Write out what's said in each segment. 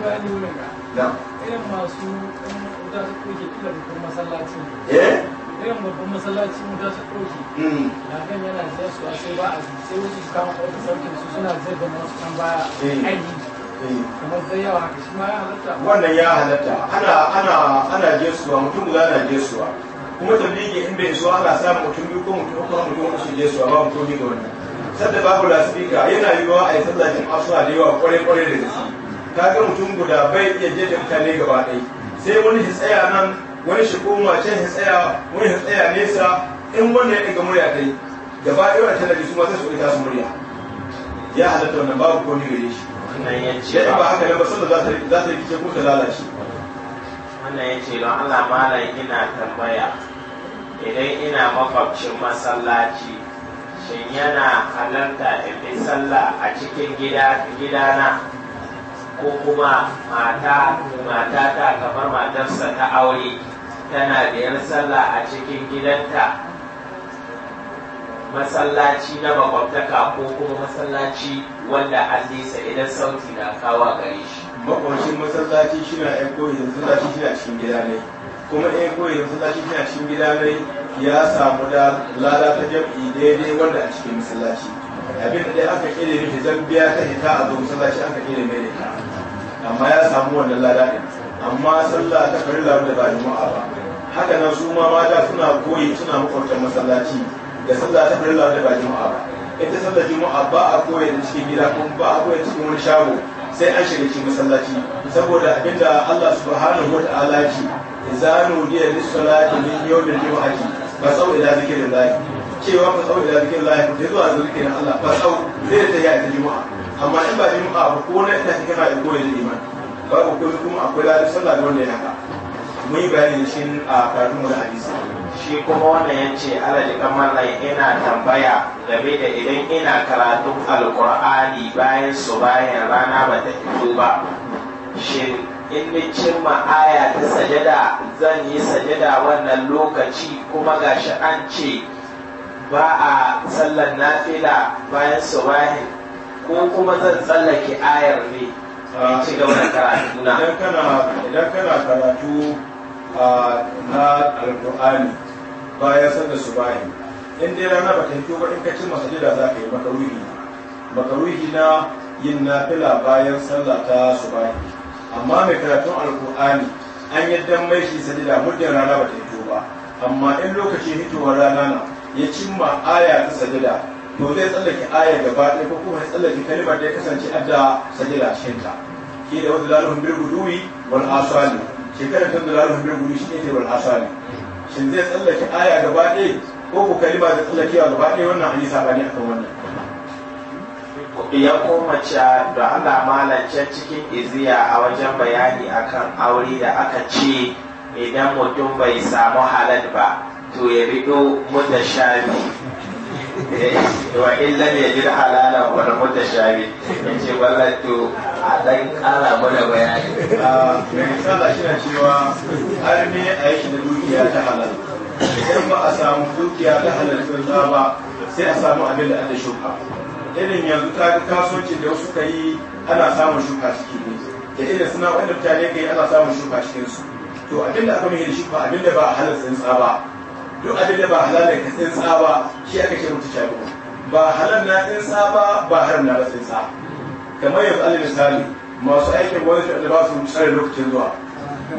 Eh? irin babban masallaci irin babban su koke na hmm. kan yana zai su a sai ba a sai wuce su kama ɗaukar sarkin su suna zai da masu can baya hmm. aiki hmm. kamar zai yawa haka shi ma ya halatta wannan ya halatta ana ana ana jesuwa mutum guda na jesuwa kuma tabligi in bai so ana samun mutum biyu ko mutum uku mutum uku su jesuwa ba mutum biyu ga wannan sadda babu lasifika yana yiwuwa a yi sallah asuwa da yawa kwarai kwarai da gaske kaga mutum guda bai iya je da mutane gaba ɗaya sai wani shi tsaya nan wani shi koma can shi tsaya wani shi tsaya nesa in wanda ya ɗiga murya ɗai gaba ɗaya wani tana su masu sai su su murya ya halatta wannan babu ko ni gare shi yadda ba haka ne ba sanda za ta rikice ko ta lalace wannan ya ce don Allah malam ina tambaya idan ina makwabcin masallaci shin yana halarta ɗin sallah a cikin gidana ko kuma mata mata ta kamar matarsa ta aure tana da yan sallah a cikin gidanta masallaci na makwabtaka ko kuma masallaci wanda an nisa idan sauti na kawa gare shi makwabcin masallaci shi na ya koyi yanzu masallaci shi na cikin gida ne kuma ya koyi yanzu masallaci shi na cikin gida ne ya samu da lada ta jam'i daidai wanda a cikin masallaci abin da aka kere ne zambiya ta hita a zo masallaci aka kere mai da ita amma ya samu wannan lada ɗin amma sallah ta farilla da ba juma'a ba haka nan su ma mata suna koyi suna makwabtar masallaci da sallah ta farilla da ba juma'a ba ita sallar juma'a ba a koya da cikin gida kuma ba a koya da cikin wani shago sai an shiga cikin masallaci saboda abinda Allah subhanahu wata'ala ce izanu diya lis-salati min yawmil jum'ati fa sau ila zikrillah cewa fa sau ila zikrillah ku zuwa zikrin Allah fa sau zai ta yi a juma'a amma in ba juma'a abu ko na ina cikin ra'ayi koyi da iman ba ko kuma akwai lalata sallah da wanda ya haka mun yi bayani shi a karatun wani hadisi shi kuma wannan ya ce alaji kamar nan ina tambaya game da idan ina karatun alkur'ani bayan su bayan rana ba ta fito ba shin in ni cimma aya ta sajada zan yi sajada wannan lokaci kuma gashi an ce ba a sallar nafila bayan su bayan ko kuma zan tsallake ayar ne in ah. ci gaba da karatu na idan kana karatu ah, na alqur'ani bayan sallar subahi in dai rana ba ta ba in ka ci masajida za ka yi makaruhi makaruhi na yin nafila bayan sallah ta subahi amma mai karatun alkur'ani an yadda mai shi sajida muddin rana ba ta ba amma in lokacin hitowar rana na ya cimma aya ta sajida to zai tsallake ayar gaba ɗaya ko kuma ya tsallake kalmar da ya kasance adda sajila cikin ta ke da wata lalun bil guduwi wal asali shekarar ta da lalun bil guduwi shi ne wal asali shin zai tsallake aya gaba ɗaya ko ku kalima da tsallakewa gaba ɗaya wannan an yi a akan wannan ya koma cewa da Allah malance cikin iziya a wajen bayani akan aure da aka ce idan mutum bai samu halal ba to ya rido mutashabi wa illa mai jir halala wa na mutu shabi in ce wallato a dan kara mana bayani mai ah, misala shi na cewa har ne a yi da dukiya ta halal idan ba a samu dukiya ta halal sun ba sai a samu abin da aka shuka irin yanzu ta ga kasuwancin da wasu ka yi ana samun shuka ciki ne da irin suna da mutane ka yi ana samun shuka cikinsu to abin da aka mai da ba abin da ba a halal sun ba duk abin da ba halalin ka tsintsa ba shi aka ce mutu shago ba halal na tsintsa ba ba har na ba tsaba kamar yanzu alal misali masu aikin wani da ba su tsare lokacin zuwa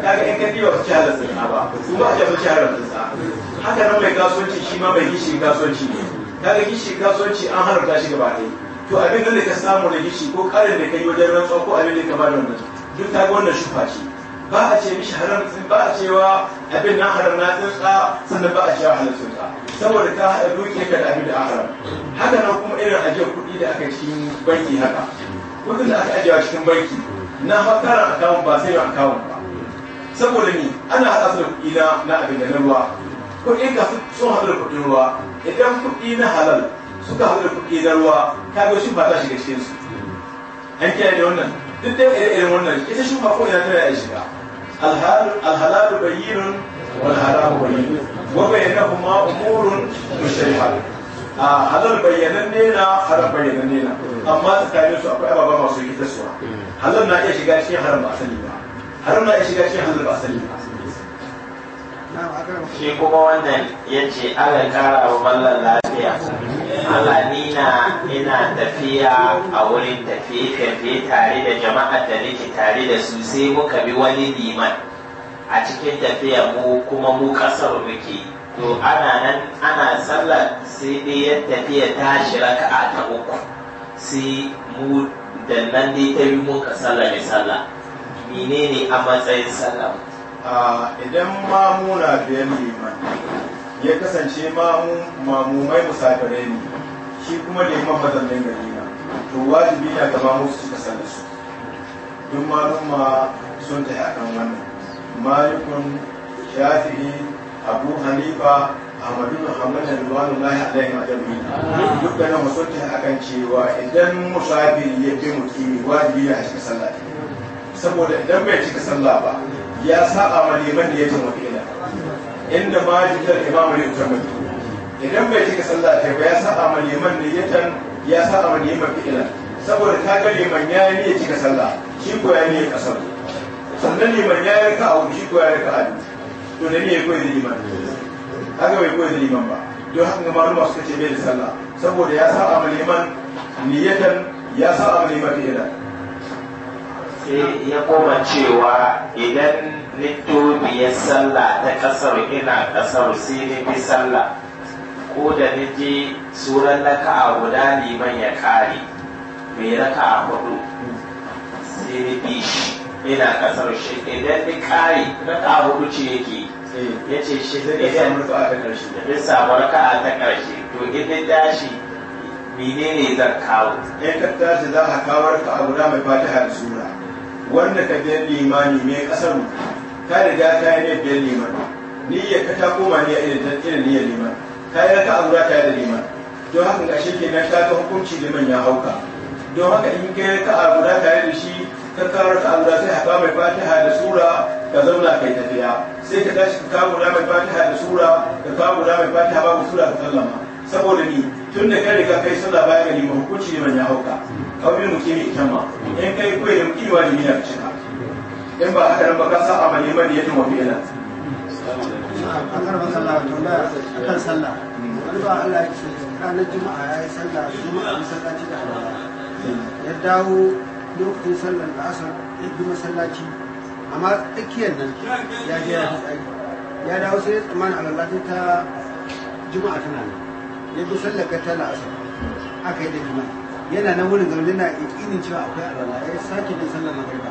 kaga in kadi ba su ci halal tsintsa ba su ba su ci halar tsintsa haka nan mai kasuwanci shi ma mai gishi kasuwanci ne kaga gishi kasuwanci an haramta shi gaba ɗaya to abin da ka samu na gishi ko karin da ka yi wajen rantsuwa ko abin da ka ba da wannan duk ta ga wannan shufa ce ba a ce mishi haram ba a cewa abin na haram na tsintsa sannan ba a cewa halal tsintsa saboda ta haɗa dukiya ka da abin da haram haka nan kuma irin ajiyar kuɗi da aka cikin banki haka kuɗin da aka ajiyar cikin banki na hakaran akawun ba sai akawun ba saboda ni ana haɗa su da kuɗi na na abin da ruwa kuɗi ka sun haɗu da kuɗin ruwa idan kuɗi na halal suka haɗu da kuɗi na ruwa ka ga shi ba ta shiga cikinsu an kiyaye da wannan duk da irin wannan ita shi ba ko ya tana ya shiga الحلال بين والحرام بين وبينهما امور مشتبهه halal bayyananne na haram bayyananne na amma tsakanin su akwai ababa masu yi suwa halal na iya shiga cikin haram ba asali ba haram na shiga ba ba shi kuma wannan ya ce ala kara abu ballan lafiya Al'anina ina tafiya a wurin tafiye-tafiye tare da jama'a da nake tare da su sai muka bi wani liman a cikin tafiya mu kuma mu kasar muke to ana nan ana sallar sai dai tafiya ta shi raka'a ta uku sai mu da nan dai ta bi muka sallar sallah menene a matsayin sallah ah, idan ma muna biyan liman ya kasance mamumai musafirai ne shi kuma bazan nan gari na to wajibi na gaba musu suka sani su duk ma sun tafi akan wannan malikun shafi'i abu hanifa ahmadu bin wani na ya dai ma dabi duk da nan sun tafi akan cewa idan musafiri ya bi mutumi wajibi na cika sallah saboda idan bai cika sallah ba ya sa amali man da ya taimaki ila inda ma jikar imamu ne ta mutu idan bai cika sallah ta ba ya sa ma maliman niyyatan ya sa ma maliman fi'ila saboda ta ga liman ya yi niyyar cika sallah shi ko ya niyyar kasar sannan liman ya yi ka abu shi ko ya yi ka abu to da niyyar koyi da liman haka bai koyi da liman ba don haka ga maluma suka ce bai da sallah saboda ya sa ma maliman niyyatan ya saba ma liman fi'ila sai ya koma cewa idan ni dubiyar sallah ta kasar ina kasar sai bi sallah ko da ni tsoron suran a guda liman ya kare mai a hudu sai bi shi ina kasar shi idan ni kare raka'a hudu ce yake ya ce shi idan ni samu raka'a ta karshe to idan dashi ne zan kawo in ka tashi za a kawar ka a guda mai fatiha da sura wanda ka je limani mai kasar ka riga ka yi biyar liman niyyar ka ta koma ne irin niyyar liman ka yi raka abu ta da liman don haka ga shi kenan ka ga hukunci liman ya hauka don haka in ka yi raka abu ta da shi ka kawo raka abu sai haka mai fatiha da sura ka zauna kai tafiya sai ka tashi ka kawo guda mai fatiha da sura ka kawo guda mai fatiha babu sura ka sallama saboda ni tun da ka riga kai sallah baya ga liman hukunci liman ya hauka kawai mu kimi itama in kai koyi da mu kiwa liman ya cika in ba haka ba ka sa a man ya tuma fi'ila an akan wani ba Allah ya ce ranar juma'a ya yi sallah juma'a ya dawo lokacin sallar da asar ya bi masallaci amma tsakiyar nan ya je ya tsaki ya dawo sai ya tsammani ta juma'a tana nan ya bi sallar ka ta la'asar aka yi da juma'a yana nan wurin gaba yana yakinin cewa akwai alwala ya sake bin sallar magariba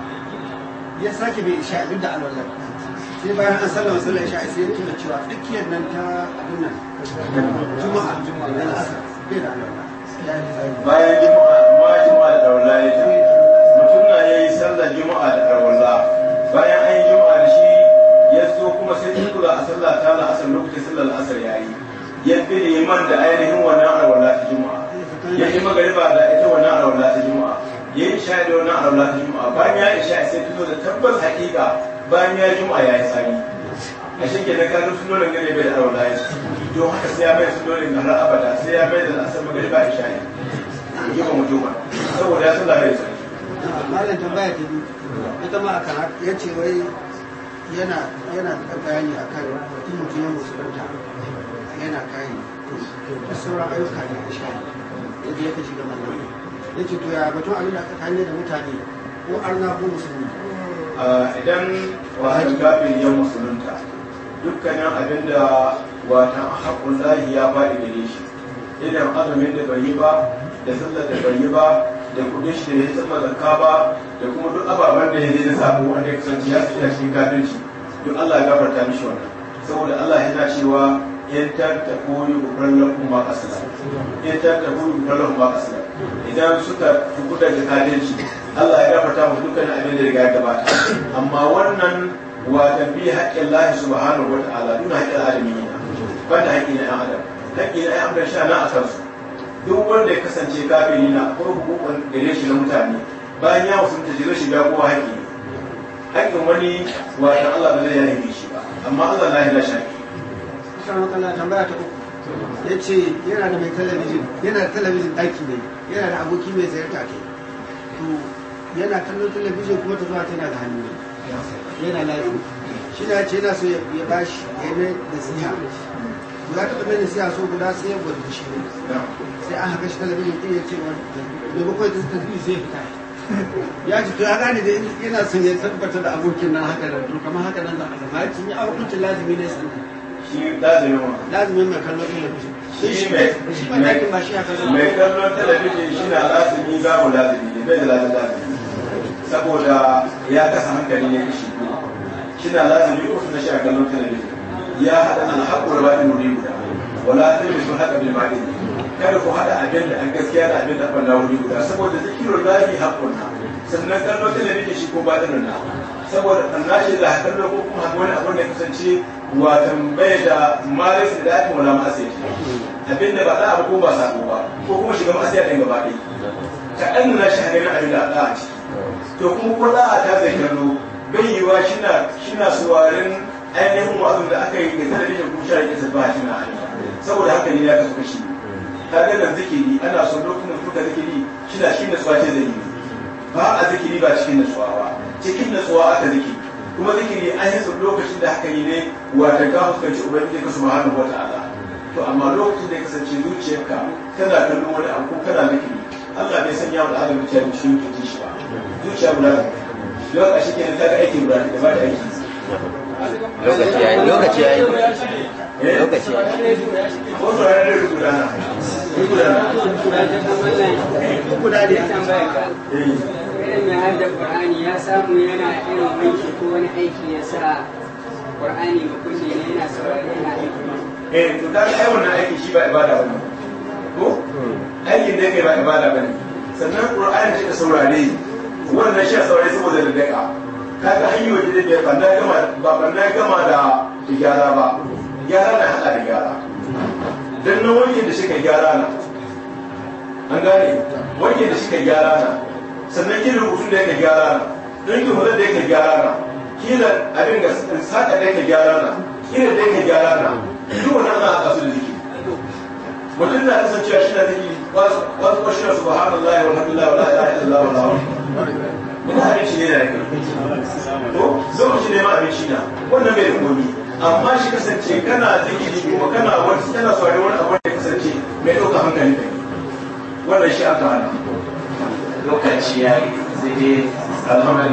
ya sake bai isha duk da alwallar sai bayan an sallama sallar isha sai ya tuna cewa tsakiyar nan ta abin nan juma'a juma'a da asar bai da alwallar bayan juma'a da alwallar ya ta mutum na ya yi sallar juma'a da alwallar bayan an yi juma'a da shi ya zo kuma sai ya kula a sallah ta na asar lokacin sallar asar yayi ya fi liman da ainihin wannan alwallar ta juma'a ya yi magariba da ita wannan alwallar ta juma'a ya yi isha da wannan alwala ta juma'a bayan ya isha sai fito da tabbas haƙiƙa bayan ya juma'a ya yi sani a shi ke na kanu sunonin gane bai da alwala ya don haka sai ya bai sunonin har abada sai ya bai da asar ba isha ne yi ba mutuma saboda ya sallah bai sani. malam tambaya ta biyu ita ma akan ya ce wai yana yana bayani a akan mutum mutum ya musulunta yana kayan sauran ayyuka da isha yadda ya kashi ga mallaka ya ce to ya batun abin da tsakani da mutane ko arna ko musulmi idan wahali kafin ya musulunta dukkanin abin da watan haƙun lahi ya faɗi gare shi idan azumin da bai yi ba da sallar da bai yi ba da kudin shi da ya saba zakka ba da kuma duk ababen da ya zai na sabo wanda ya kasance ya tsira cikin kafirci duk Allah ya gafarta mishi wannan saboda Allah ya cewa in tattaku yughfar lakum ma qasala in idan suka tuku da jikadinsu Allah ya gafarta mu dukkan abin da riga ya gabata amma wannan wa tafi haƙƙin Allah subhanahu wa ta'ala duna haƙƙin alamin banda haƙƙi na adam haƙƙi na adam sha na a su duk wanda ya kasance kafiri na akwai hukukun gare shi na mutane bayan ya wasu ta jira shiga kowa haƙƙi haƙƙin wani wata Allah ba zai yi shi ba amma Allah na yi lashe haƙƙi. tambaya ta ya ce yana da mai talabijin yana da talabijin daki ne yana da aboki mai ziyarta ke to yana kallon talabijin kuma ta zuwa tana da hannu ne yana lafi shi na ce yana so ya ba shi ya mai da siya nasiha za ka taɓa mai siya so guda sai ya gwada shi ne sai an haka shi talabijin ɗin ya ce da bakwai ta talabijin sai ya fita ya ce to ya gane da yana son ya tabbata da abokin nan haka da to kamar haka nan za a zama ya ce ya abokin lazimi ne sannan lazimin mai kallon talabijin shi mai kallon talabijin shi na lazimi za mu lazimi ne bai da lazimi saboda ya kasa hankali ne shi shi na lazimi uku na shi a kallon talabijin ya haɗa nan haƙura ba ɗin wuri guda wala ta sun haɗa bil ma'in kada ku haɗa abin da an gaskiya da abin da ɓanna wuri guda saboda zikirin lafi haƙurna sannan kallon talabijin shi ko na saboda ɓanna ce da haifar da ko kuma wani abin da kasance watan bai da maris da ake wala ma'asiya ce abin da ba za a ko ba sako ba ko kuma shiga ma'asiya ɗin gaba ɗaya ka ɗan nuna shi hannun a da a ce to kuma ko za a ta zai kallo bai yi yiwa shi na suwarin ainihin wa'azin da aka yi da sanadin da kusha da kisa ba shi na saboda haka ne ya kasu kashi ta ga zikiri ana son lokacin da kuka zikiri shi na shi na suwa ce zai yi ba a zikiri ba cikin na nasuwa ba cikin natsuwa aka zikiri kuma zikiri an yi lokacin da haka yi ne wata ka fuskanci ubangiji ka subhanahu wata ala to amma lokacin da ya kasance zuciyarka tana kallon wani abu kana zikiri Allah bai sanya wa adam zuciya da shi shi ba zuciya guda a ne ta aiki guda da ba da aiki lokaci yayi lokaci ko so da guda na guda irin ya hadda qur'ani ya samu yana irin wanki ko wani aiki ya sa qur'ani ga kunne ne yana saurari yana aiki eh to da ai wannan aiki shi ba ibada bane ko aikin da kai ba ibada ne sannan qur'ani shi da saurare wannan shi saurari saboda da daka kaga hanyoyi da ba na gama ba ba na gama da gyara ba gyara na hada da gyara dan na wanke da shi ka gyara na an gane wanke da shi ka gyara na sannan kin rubutu da yake gyara na don kin hular da yake gyara na kila abin da saka da yake gyara na kila da yake gyara na duk wannan na a kasu da zikiri mutum na kasancewa shi na zikiri wasu kwashi na subhanallahi walhamdulillahi wala ilaha illallah wala wani abinci ne na yake to zama shi neman abinci na wannan bai da komi amma shi kasance kana zikiri kuma kana wani kana saurari wani abu da kasance mai ɗauka hankali da wannan shi aka hana lokaci ya yi sai dai